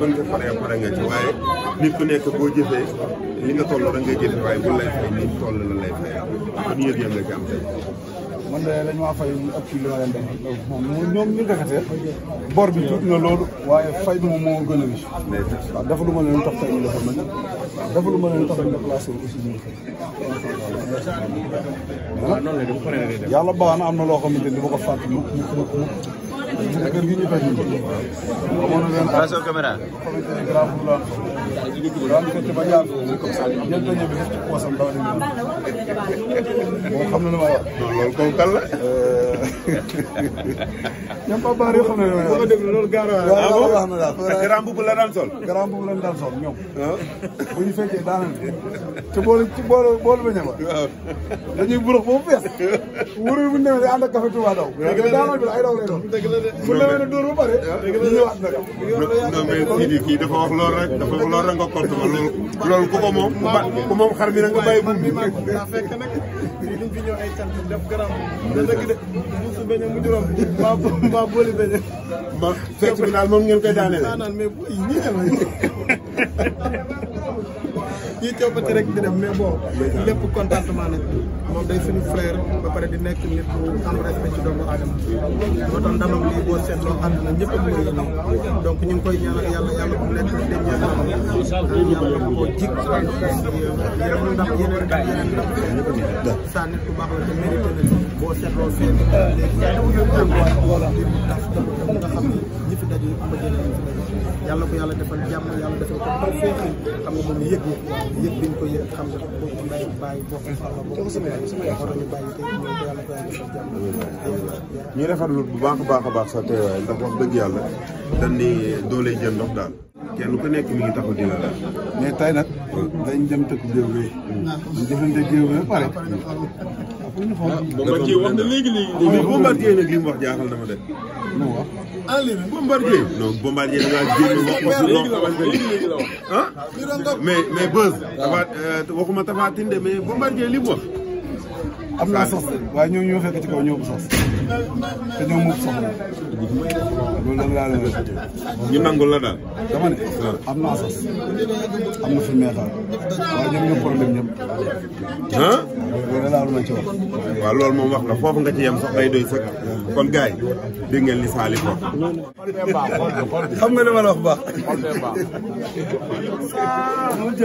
mën nga paree pare nga ci waaye nit ku nekk boo jëfee li nga toll rek ngay waaye bu lay fay ni toll la lay fay kon yëg ma leen def moom ñoom ñu defete bor bi tuuti na loolu waaye fay bi moom moo gën a riche waaw dafa lu a leen tax tey mu defal nañ dafa lu ma leen tax ñu déplacé aussi ñu yàlla baax na am na loo xamante ni du ma ko fàtte mukk mukk mukk Passe caméra. moo xam na lu ma wax. loolu kooku kan la. Euh, ñoom papa yoo xam ne boo ko déglu loolu la. waaw wax na daal grand boubou la daan sol. grand boubou la daan sol ñoom. bu ñu fekkee daanaka te boole ci boole boole ba ñëw dañuy burux boobu fees. wóorul bu ñu demee day ànd ak café daw. dëgg la bi ay de bu demee ne dóor ba pare. dëgg la ñu ñëwaat nag. non mais kii kii dafa wax loolu rek dafa wax loolu ko moom xar mi nag nga buum bi. fekk nag fii liñ fi ñëw ay cant def buusu beneen mu juróom mbaa mbaa booli beneen. mbaa fecc bi daal moom ngeen koy daaneel. daanaan mais boy yi ñii demee ñii rek di dem mais bon lépp contentement nag moom day suñu frère ba pare di nekk nit ku am respect ci doomu aadama moo tax ndamam lii boo seetloo àdduna ñëpp a mën a donc ñu koy ñaanal yàlla yàlla bu nekk dem ñaanal yàlla ko jik yéen ndax yeneen ndax yeneen ndax saa nit ku baax la te mérité na boo seetloo fii léegi yaa yàlla defal jàmm yàlla defal na ñu ko yëg xam nga bokk ndey bàyyi bokk soxla bokk sama waroon ñu bàyyi tey rafetlu bu baax baax a baax sa teewaay ndax wax dëgg yàlla dañ ni doo lay jël ndox daal kenn ku nekk mi ngi taxaw di mais tey nag dañ dem tëkk géew bi. ñu jëfandikoo géew bi ba pare. Ah, ah, Bombardier wax na léegi léegi. mais ah, Bombardier nag li mu wax jaaxal na ma de. mu wax. ah léegi Bombardier. non Bombardier da ngaa génn wax wax loo xamante ni. mais mais Beuz. dafa euh, waxuma Tapha Tine de mais Bombardier li mu wax. am naa sos de waaye ñoo ñoo fekk ci kaw ñoo ko sos te ñoo moom sos man loolu laa leen ñu nangul la daal. dama ne am na asas am na fi meetaan waaye ñoom ñoo problème ñëpp. ah. loolu laa ci wax. waaw loolu moom wax nga foofu nga ci yem sax day doy sax kon gars yi dégg ngeen li Salif wax. xam nga li ma la baax.